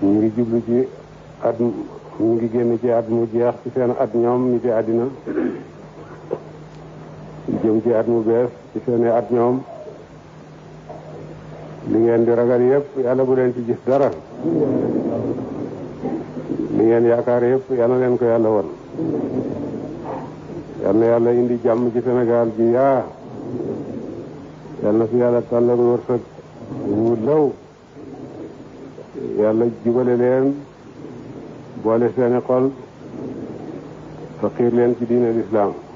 ñu ngi jublu ci at ñu ngi génn ci at mu jeex ci seen at ñoom ñu ci àddina jëm ci at mu bees ci seen at ñoom li ngeen di ragal yëpp yàlla bu leen ci gis dara li ngeen yaakaar yëpp yàlla leen ko yàlla won yal na yàlla indi jàmm ci Sénégal gi yaa yal na fi yàlla tàllal wërsëg wu law yàlla jubale leen boole seeni xol faqiir leen ci diine lislaam